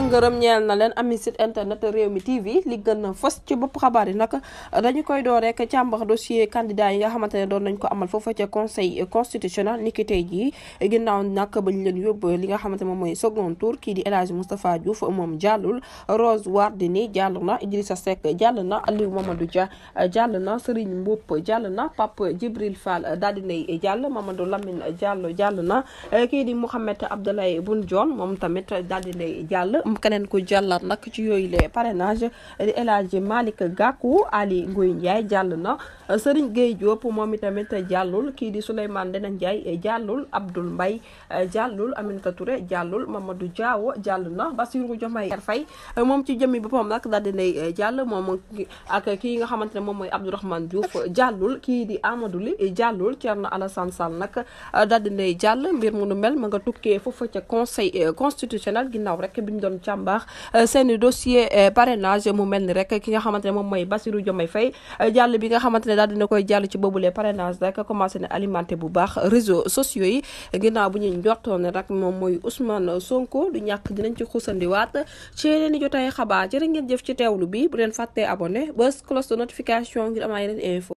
ngërëm ñeel na leen ami site internet réew mi TV li gën a fës ci bopp xabaar yi nag dañu koy door rek càmbax dossier candidat yi nga xamante ne doon nañ ko amal foofa ca conseil constitutionnel niki tey jii ginnaaw nag ba ñu leen yóbbu li nga xamante moom mooy second tour kii di El Hadji Moustapha Diouf moom jàllul Rose Wardini jàll na Idrissa Seck jàll na Aliou Mamadou Dia jàll na Serigne Mboup jàll na Pape Djibril Fall daal di nay jàll Mamadou Lamine Diallo jàll na kii di Mouhamed Abdoulaye Boun Dionne moom tamit daal di jàll keneen ku jàllar nag ci yooyu les parrainage di El Hadji Malick Gakou Ali Nguy Ndiaye jàll na sëriñ Gueye Diop moom itamit jàllul kii di Souleymane jaay Ndiaye jàllul Abdoul Mbaye jàllul Aminata Touré jàllul Mamadou Diawo jàll na ba Bassirou Diomaye Faye moom ci jëmmi boppam nag daal dinay jàll moom ak kii nga xamante ne moom mooy Abdourahmane Diouf jàllul kii di Amadou Ly jàllul Thierno Alassane Sall nag daal dinay jàll mbir mu nu mel ma nga tukkee foofa ca conseil constitutionnel ginnaaw doon càmbar euh, seen dossier euh, parrainage mu mel ni rek ki nga xamante ne moom mooy Bassirou Diomaye Faye euh, jàll bi nga xamante ne daal dina koy jàll ci boobule parrainage rek commencé na alimenté bu baax réseaux sociaux yi ginnaaw bu ñu njortoon rek moom mooy Ousmane Sonko du ñàkk dinañ ci xusandiwaat ci yeneen i jotaay xabaar jërë jëf ci teewlu bi bu leen fàttee abonné bës cloche notification ngir amaa yeneen